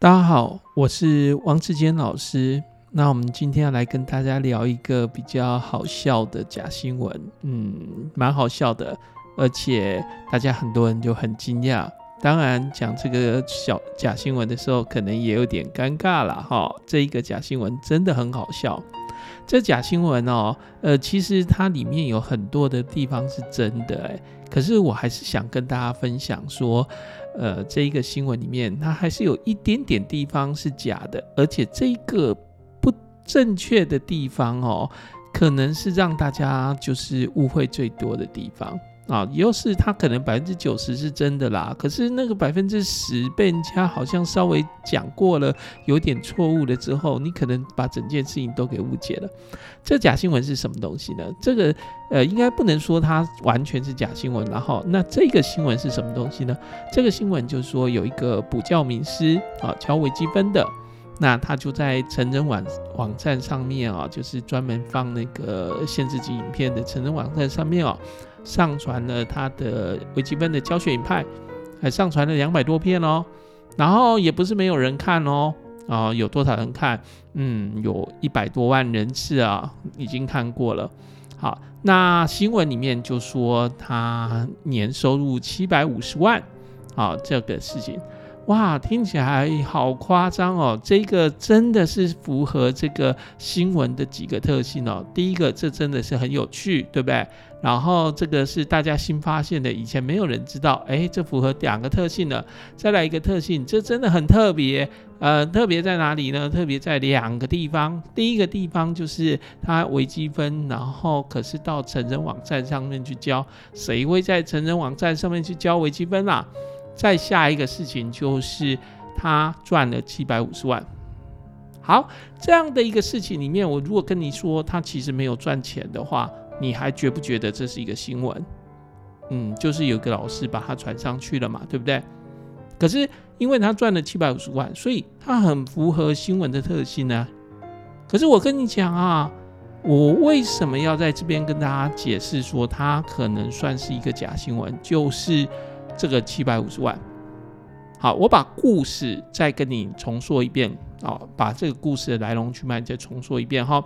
大家好，我是汪志堅老師。那我們今天要來跟大家聊一個比較好笑的假新聞，嗯，蠻好笑的，而且大家很多人就很驚訝。當然，講這個小假新聞的時候，可能也有點尷尬了哈。這一個假新聞真的很好笑，這假新聞哦，呃，其實它裡面有很多的地方是真的，欸，可是我還是想跟大家分享說。呃，這一個新聞裡面，它還是有一點點地方是假的，而且這個不正確的地方哦，可能是讓大家就是誤會最多的地方。啊，也就是他可能百分之九十是真的啦，可是那個百分之十被人家好像稍微講過了，有點錯誤了之後，你可能把整件事情都給誤解了。這假新聞是什麼東西呢？這個呃，應該不能說它完全是假新聞。然後，那這個新聞是什麼東西呢？這個新聞就是說有一個補教名師啊，教微積分的，那他就在成人網網站上面啊，就是專門放那個限制級影片的成人網站上面哦、啊。上傳了他的微積分的教學影片，還上傳了兩百多片哦，然後也不是沒有人看哦，啊，有多少人看？嗯，有一百多萬人次啊，已經看過了。好，那新聞裡面就說他年收入七百五十萬，好，啊，這個事情。哇，聽起來好誇張哦！這個真的是符合這個新聞的幾個特性哦。第一個，這真的是很有趣，對不對？然後這個是大家新發現的，以前沒有人知道。哎，這符合兩個特性了。再來一個特性，這真的很特別。呃，特別在哪裡呢？特別在兩個地方。第一個地方就是它微積分，然後可是到成人網站上面去教，誰會在成人網站上面去教微積分啦、啊？再下一個事情就是他賺了七百五十萬。好，這樣的一個事情裡面，我如果跟你說他其實沒有賺錢的話，你還覺不覺得這是一個新聞？嗯，就是有個老師把他傳上去了嘛，對不對？可是因為他賺了七百五十萬，所以他很符合新聞的特性呢、啊。可是我跟你講啊，我為什麼要在這邊跟大家解釋說他可能算是一個假新聞？就是。這個七百五十萬，好，我把故事再跟你重說一遍啊、哦，把這個故事的來龍去脈再重說一遍哈、哦。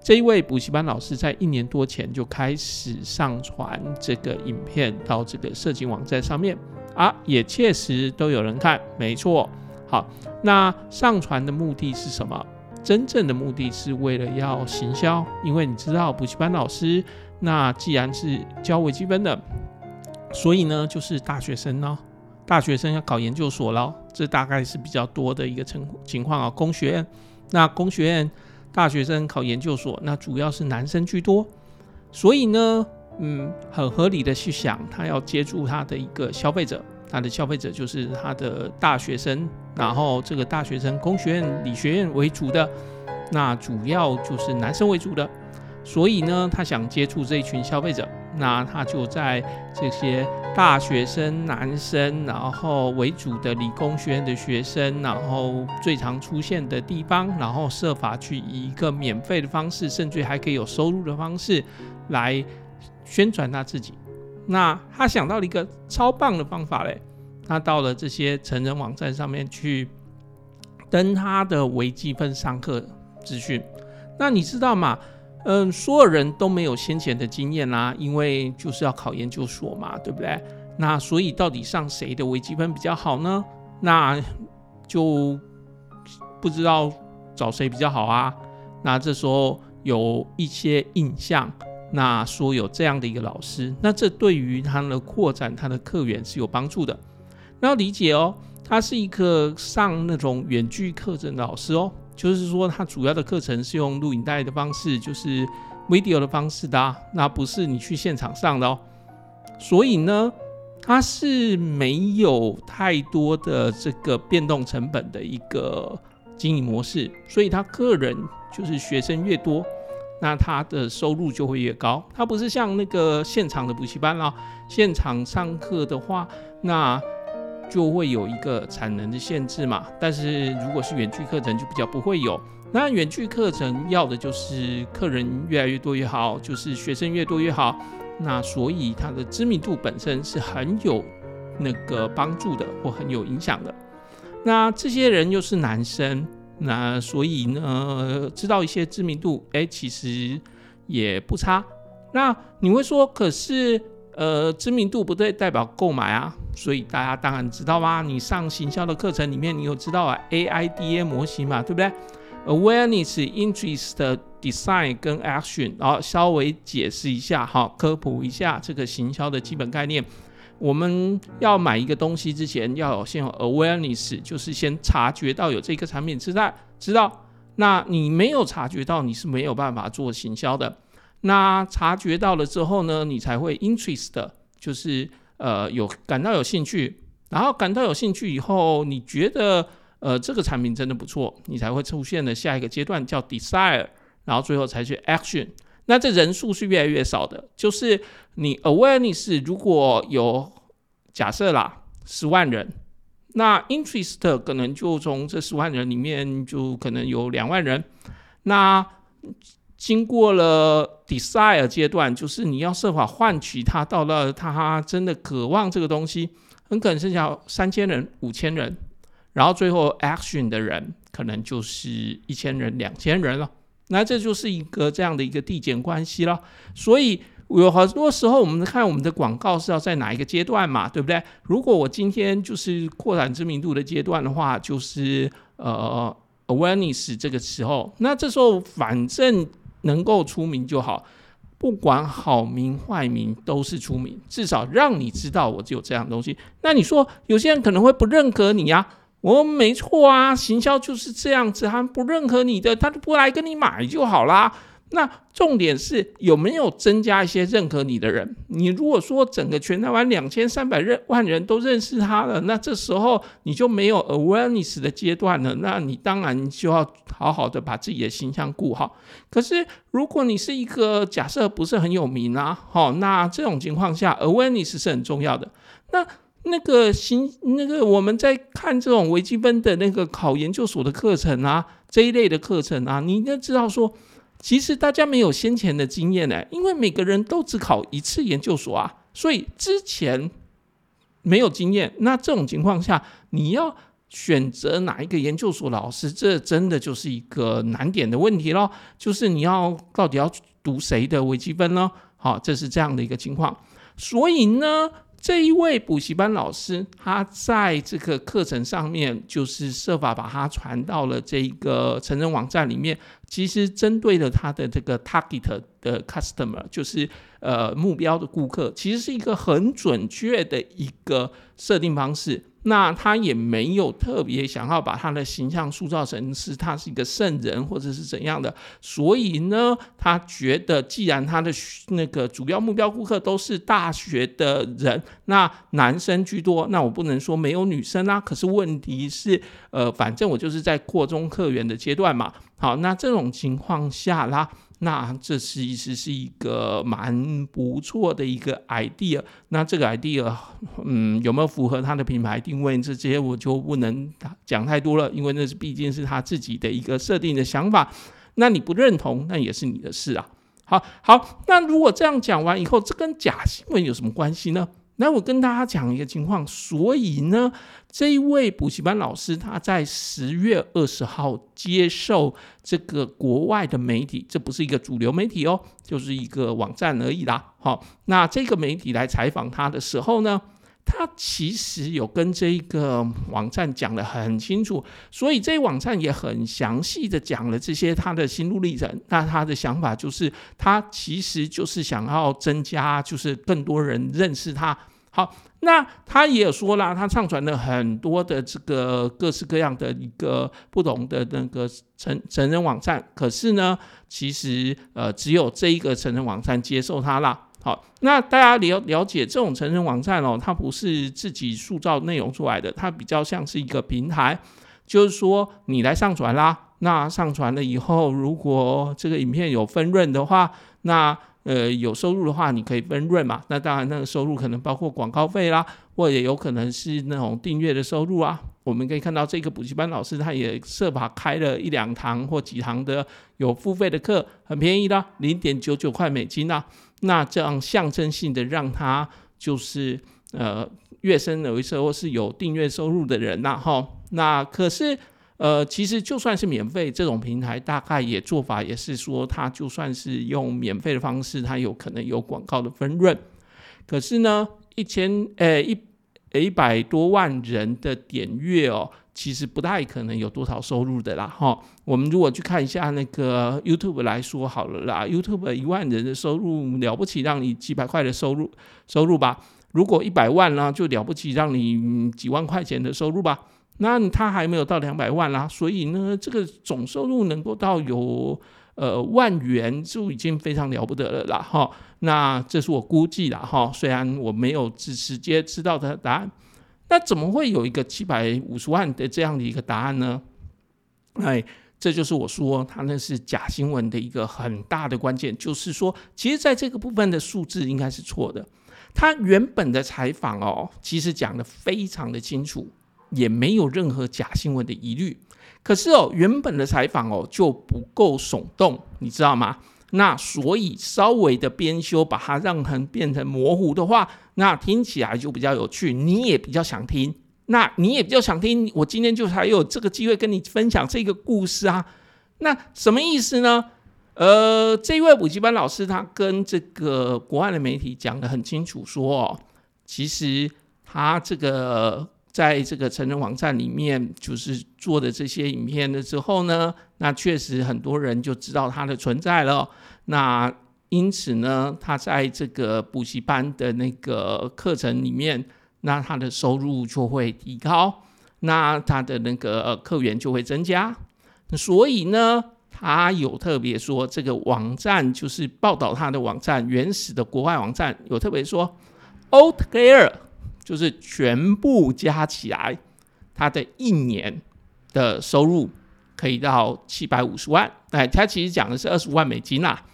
這一位補習班老師在一年多前就開始上傳這個影片到這個色情網站上面啊，也確實都有人看，沒錯。好，那上傳的目的是什麼？真正的目的是為了要行銷，因為你知道補習班老師那既然是教微積分的。所以呢，就是大學生咯、哦、大學生要考研究所咯、哦，這大概是比較多的一個情情況啊。工學院，那工學院大學生考研究所，那主要是男生居多。所以呢，嗯，很合理的去想，他要接觸他的一個消費者，他的消費者就是他的大學生，然後這個大學生，工學院、理學院為主的，那主要就是男生為主的，所以呢，他想接觸這一群消費者。那他就在這些大學生，男生，然後為主的理工學院的學生，然後最常出現的地方，然後設法去以一個免費的方式，甚至還可以有收入的方式，來宣傳他自己。那他想到了一個超棒的方法嘞，他到了這些成人網站上面去登他的微積分上課資訊。那你知道嗎？嗯，所有人都沒有先前的經驗啦、啊，因為就是要考研究所嘛，對不對？那所以到底上誰的微積分比較好呢？那就不知道找誰比較好啊。那這時候有一些印象，那說有這樣的一個老師，那這對於他的擴展，他的客源是有幫助的。那要理解哦，他是一個上那種遠距課程的老師哦。就是說，他主要的課程是用錄影帶的方式，就是 video 的方式的、啊，那不是你去現場上的哦。所以呢，他是沒有太多的這個變動成本的一個經營模式，所以他個人就是學生越多，那他的收入就會越高。他不是像那個現場的補習班啊、哦，現場上課的話，那。就會有一個產能的限制嘛，但是如果是遠距課程，就比較不會有。那遠距課程要的就是客人越來越多越好，就是學生越多越好。那所以他的知名度本身是很有那個幫助的，或很有影響的。那這些人又是男生，那所以呢，知道一些知名度，誒，其實也不差。那你會說，可是，呃，知名度不對代表購買啊，所以大家當然知道啊，你上行銷的課程裡面，你有知道啊 AIDA 模型嘛，對不對？Awareness、Interest、Desire 跟 Action，然後稍微解釋一下，好，科普一下這個行銷的基本概念。我們要買一個東西之前，要有先有 Awareness，就是先察覺到有這個產品，知道知道。那你沒有察覺到，你是沒有辦法做行銷的。那察覺到了之後呢，你才會 interest，就是呃有感到有興趣，然後感到有興趣以後，你覺得呃這個產品真的不錯，你才會出現的下一個階段叫 desire，然後最後才去 action。那這人數是越來越少的，就是你 awareness 如果有假設啦，十萬人，那 interest 可能就從這十萬人裡面就可能有兩萬人，那。經過了 desire 階段，就是你要設法換取他到了他真的渴望這個東西，很可能剩下三千人、五千人，然後最後 action 的人可能就是一千人、兩千人了。那這就是一個這樣的一個遞減關係了。所以有很多時候，我們看我們的廣告是要在哪一個階段嘛，對不對？如果我今天就是擴展知名度的階段的話，就是呃 awareness 這個時候，那這時候反正。能夠出名就好，不管好名壞名都是出名，至少讓你知道我只有這樣東西。那你說有些人可能會不認可你呀、啊？我沒錯啊，行銷就是這樣子，他不認可你的，他就不來跟你買就好啦。那重點是有沒有增加一些認可你的人？你如果說整個全台灣兩千三百萬人都認識他了，那這時候你就沒有 awareness 的階段了。那你當然就要好好的把自己的形象顧好。可是如果你是一個假設不是很有名啊，好，那這種情況下 awareness 是很重要的。那那個新那個我們在看這種微積分的那個考研究所的課程啊，這一類的課程啊，你應該知道說。其實大家沒有先前的經驗呢，因為每個人都只考一次研究所啊，所以之前沒有經驗。那這種情況下，你要選擇哪一個研究所老師，這真的就是一個難點的問題咯。就是你要到底要讀誰的微積分呢？好，這是這樣的一個情況。所以呢，這一位補習班老師，他在這個課程上面，就是設法把它傳到了這個成人網站裡面。其實針對了他的這個 target 的 customer，就是呃目標的顧客，其實是一個很準確的一個設定方式。那他也沒有特別想要把他的形象塑造成是他是一個聖人或者是怎樣的，所以呢，他覺得既然他的那個主要目標顧客都是大學的人，那男生居多，那我不能說沒有女生啦、啊，可是問題是，呃，反正我就是在擴充客源的階段嘛。好，那這種。這種情況下啦，那這其實是一個蠻不錯的一個 idea。那這個 idea，嗯，有沒有符合他的品牌定位？這這些我就不能講太多了，因為那是畢竟是他自己的一個設定的想法。那你不認同，那也是你的事啊。好，好，那如果這樣講完以後，這跟假新聞有什麼關係呢？那我跟大家講一個情況，所以呢，這一位補習班老師他在十月二十號接受這個國外的媒體，這不是一個主流媒體哦，就是一個網站而已啦。好、哦，那這個媒體來採訪他的時候呢，他其實有跟這一個網站講得很清楚，所以這網站也很詳細的講了這些他的心路歷程。那他的想法就是，他其實就是想要增加，就是更多人認識他。好，那他也有說啦，他上傳了很多的這個各式各樣的一個不同的那個成成人網站，可是呢，其實呃只有這一個成人網站接受他啦。好，那大家了了解這種成人網站哦，它不是自己塑造內容出來的，它比較像是一個平台，就是說你來上傳啦，那上傳了以後，如果這個影片有分潤的話，那。呃，有收入的話，你可以分潤嘛。那當然，那個收入可能包括廣告費啦，或者也有可能是那種訂閱的收入啊。我們可以看到這個補習班老師，他也設法開了一兩堂或幾堂的有付費的課，很便宜啦，零點九九塊美金吶、啊。那這樣象徵性的讓他就是呃月生有一次或是有訂閱收入的人吶、啊，哈。那可是。呃，其實就算是免費這種平台，大概也做法也是說，它就算是用免費的方式，它有可能有廣告的分潤。可是呢，一千，誒、欸、一、欸，一百多萬人的點閱哦，其實不太可能有多少收入的啦。哈，我們如果去看一下那個 YouTube 來說好了啦，YouTube 一萬人的收入了不起，讓你幾百塊的收入收入吧。如果一百萬呢、啊，就了不起，讓你、嗯、幾萬塊錢的收入吧。那他還沒有到兩百萬啦，啊，所以呢，這個總收入能夠到有呃萬元就已經非常了不得了啦。哈。那這是我估計了哈，雖然我沒有直直接知道的答案。那怎麼會有一個七百五十萬的這樣的一個答案呢？哎，這就是我說他那是假新聞的一個很大的關鍵，就是說，其實在這個部分的數字應該是錯的。他原本的採訪哦，其實講的非常的清楚。也沒有任何假新聞的疑慮，可是哦，原本的採訪哦就不夠聳動，你知道嗎？那所以稍微的編修，把它讓人變成模糊的話，那聽起來就比較有趣，你也比較想聽，那你也比較想聽，我今天就才有這個機會跟你分享這個故事啊。那什麼意思呢？呃，這位補習班老師他跟這個國外的媒體講得很清楚，說哦，其實他這個。在這個成人網站裡面，就是做的這些影片的之後呢，那確實很多人就知道它的存在了。那因此呢，他在這個補習班的那個課程裡面，那他的收入就會提高，那他的那個客源就會增加。所以呢，他有特別說這個網站，就是報道他的網站，原始的國外網站有特別說 Outlier 就是全部加起來，他的一年的收入可以到七百五十萬。哎，他其實講的是二十五萬美金啦、啊。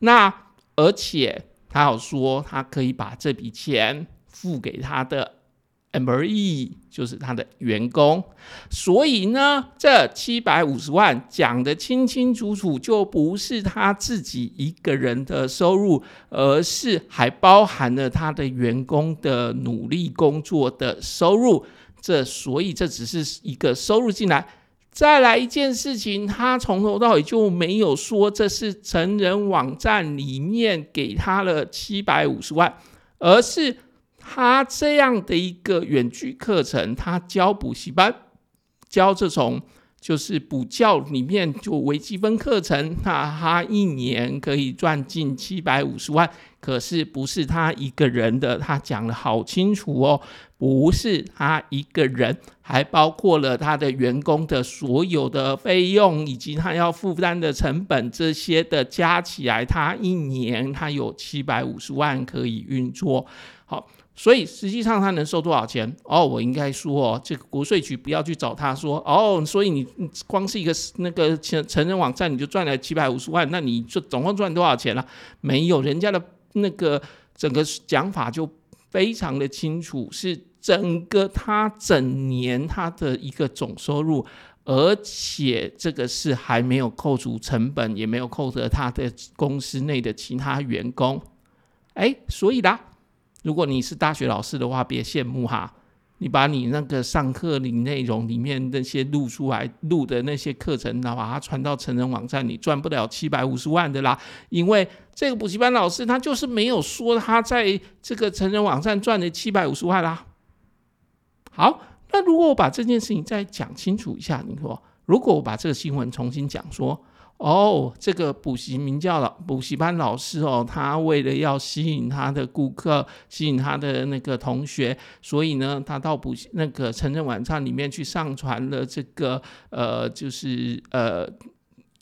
那而且他還說，他可以把這筆錢付給他的。MRE 就是他的員工，所以呢，這七百五十萬講得清清楚楚，就不是他自己一個人的收入，而是還包含了他的員工的努力工作的收入。這，所以這只是一個收入進來。再來一件事情，他從頭到尾就沒有說這是成人網站裡面給他了七百五十萬，而是。他這樣的一個遠距課程，他教補習班，教這種就是補教裡面就微積分課程，那他一年可以賺近七百五十萬。可是不是他一個人的，他講得好清楚哦，不是他一個人，還包括了他的員工的所有的費用以及他要負擔的成本這些的加起來，他一年他有七百五十萬可以運作。好。所以實際上他能收多少錢？哦，我應該說哦，這個國稅局不要去找他說哦，所以你光是一個那個成成人網站，你就賺了七百五十萬，那你就總共賺多少錢了？沒有，人家的那個整個講法就非常的清楚，是整個他整年他的一個總收入，而且這個是還沒有扣除成本，也沒有扣除他的公司內的其他員工。哎，所以啦。如果你是大學老師的話，別羨慕哈。你把你那個上課裡內容裡面那些錄出來錄的那些課程，然後把它傳到成人網站，你賺不了七百五十萬的啦。因為這個補習班老師他就是沒有說他在這個成人網站賺了七百五十萬啦。好，那如果我把這件事情再講清楚一下，你說，如果我把這個新聞重新講說。哦、oh，這個補習名叫了補習班老師哦，他為了要吸引他的顧客，吸引他的那個同學，所以呢，他到補習那個成人網站裡面去上傳了這個呃，就是呃。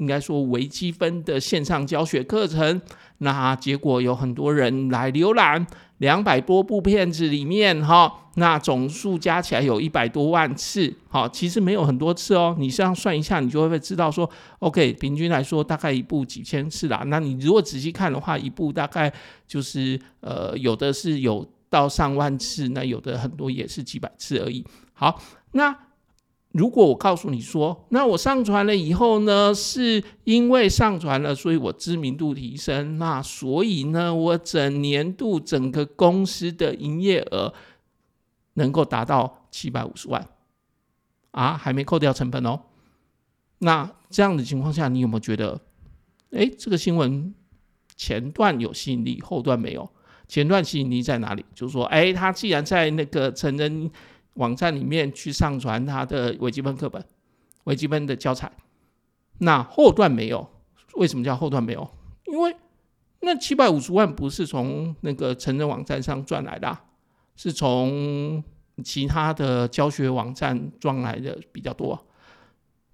應該說微積分的線上教學課程，那結果有很多人來瀏覽，兩百多部片子裡面哈，那總數加起來有一百多萬次，好，其實沒有很多次哦。你這樣算一下，你就會知道說，OK，平均來說大概一部幾千次啦。那你如果仔細看的話，一部大概就是呃，有的是有到上萬次，那有的很多也是幾百次而已。好，那。如果我告訴你說，那我上傳了以後呢，是因為上傳了，所以我知名度提升，那所以呢，我整年度整個公司的營業額能夠達到七百五十萬啊，還沒扣掉成本哦。那這樣的情況下，你有沒有覺得，哎，這個新聞前段有吸引力，後段沒有？前段吸引力在哪裡？就是說，哎，他既然在那個成人。網站裡面去上傳他的微積分課本、微積分的教材，那後段沒有？為什麼叫後段沒有？因為那七百五十萬不是從那個成人網站上賺來的啊，是從其他的教學網站賺來的比較多。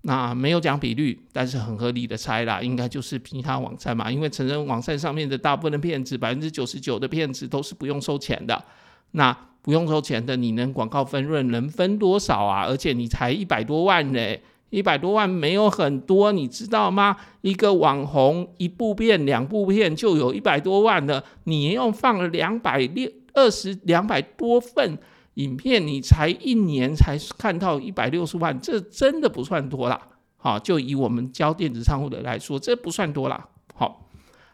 那沒有講比率，但是很合理的猜啦，應該就是其他網站嘛，因為成人網站上面的大部分的片子，百分之九十九的片子都是不用收錢的。那不用收錢的，你能廣告分潤能分多少啊？而且你才一百多萬嘞，一百多萬沒有很多，你知道嗎？一個網紅一部片兩部片就有一百多萬了，你用放了兩百六二十兩百多份影片，你才一年才看到一百六十萬，這真的不算多啦。好，就以我們教電子商務的來說，這不算多啦。好。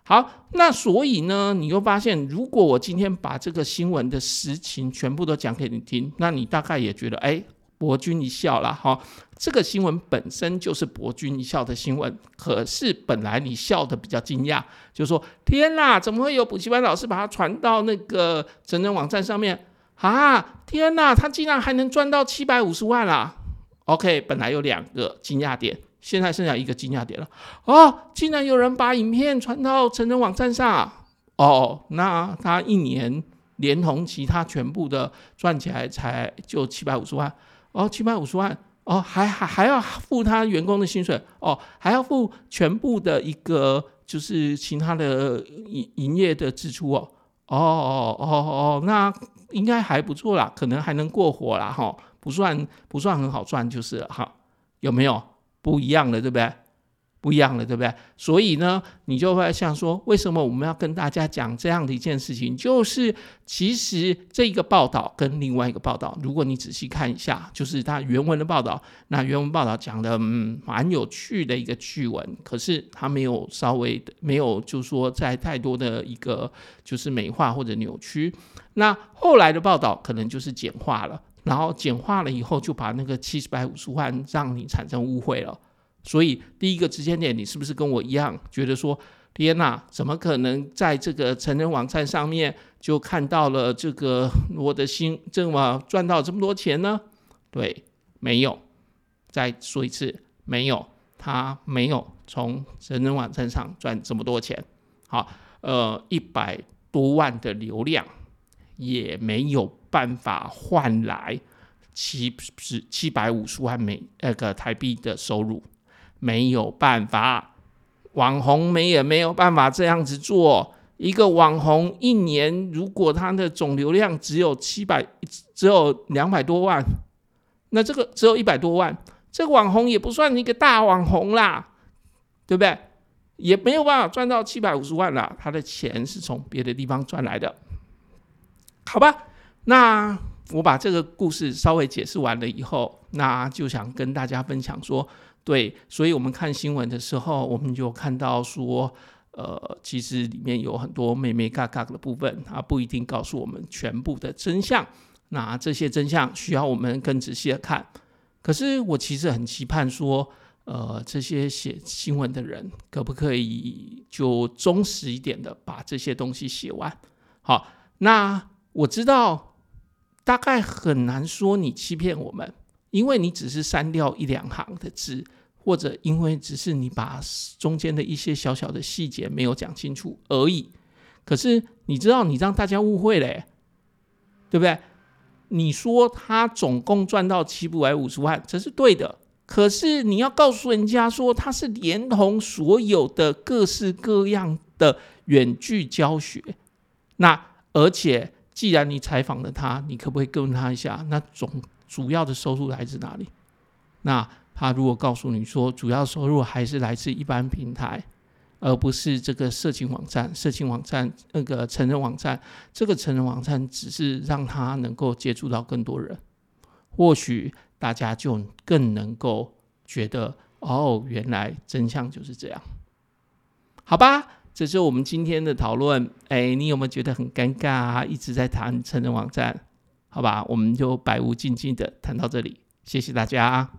好，那所以呢，你又發現，如果我今天把這個新聞的實情全部都講給你聽，那你大概也覺得，哎，博君一笑啦，好、哦。這個新聞本身就是博君一笑的新聞。可是本來你笑得比較驚訝，就是、說，天哪，怎麼會有補習班老師把它傳到那個成人網站上面啊？天哪，他竟然還能賺到七百五十萬啦、啊、？OK，本來有兩個驚訝點。現在剩下一個驚訝點了哦，竟然有人把影片傳到成人網站上、啊、哦，那他一年連同其他全部的賺起來才就七百五十萬哦，七百五十萬哦，還還還要付他員工的薪水哦，還要付全部的一個就是其他的營營業的支出哦哦，哦哦哦哦哦，那應該還不錯啦，可能還能過活啦哈、哦，不算不算很好賺就是哈，有沒有？不一樣的，對不對？不一樣的，對不對？所以呢，你就會想說，為什麼我們要跟大家講這樣的一件事情？就是其實這一個報道跟另外一個報道，如果你仔細看一下，就是它原文的報道，那原文報道講的嗯蠻有趣的一個趣聞，可是它沒有稍微的沒有就說在太多的一個就是美化或者扭曲。那後來的報道可能就是簡化了。然後簡化了以後，就把那個七百五十萬讓你產生誤會了。所以第一個時間點，你是不是跟我一樣覺得說，天吶，怎麼可能在這個成人網站上面就看到了這個我的心這麼賺到這麼多錢呢？對，沒有。再說一次，沒有，他沒有從成人網站上賺這麼多錢。好，呃，一百多萬的流量也沒有。辦法換來七十七百五十萬美那個台幣的收入，沒有辦法，網紅沒有沒有辦法這樣子做一個網紅，一年如果他的總流量只有七百，只有兩百多萬，那這個只有一百多萬，這個網紅也不算一個大網紅啦，對不對？也沒有辦法賺到七百五十萬啦，他的錢是從別的地方賺來的，好吧？那我把這個故事稍微解釋完了以後，那就想跟大家分享說，對，所以我們看新聞的時候，我們就看到說，呃，其實裡面有很多“眉眉角角”的部分，它不一定告訴我們全部的真相。那這些真相需要我們更仔細的看。可是我其實很期盼說，呃，這些寫新聞的人可不可以就忠實一點的把這些東西寫完？好，那我知道。大概很難說你欺騙我們，因為你只是刪掉一兩行的字，或者因為只是你把中間的一些小小的細節沒有講清楚而已。可是你知道你讓大家誤會了耶，對不對？你說他總共賺到七百五十萬，這是對的。可是你要告訴人家說他是連同所有的各式各樣的遠距教學，那而且。既然你採訪了他，你可不可以問他一下，那總主要的收入來自哪裡？那他如果告訴你說，主要收入還是來自一般平台，而不是這個色情網站、色情網站那個成人網站，這個成人網站只是讓他能夠接觸到更多人，或許大家就更能夠覺得，哦，原來真相就是這樣，好吧？這是我們今天的討論，哎、欸，你有沒有覺得很尷尬啊？一直在談成人網站，好吧，我們就百無禁忌的談到這裡，謝謝大家啊。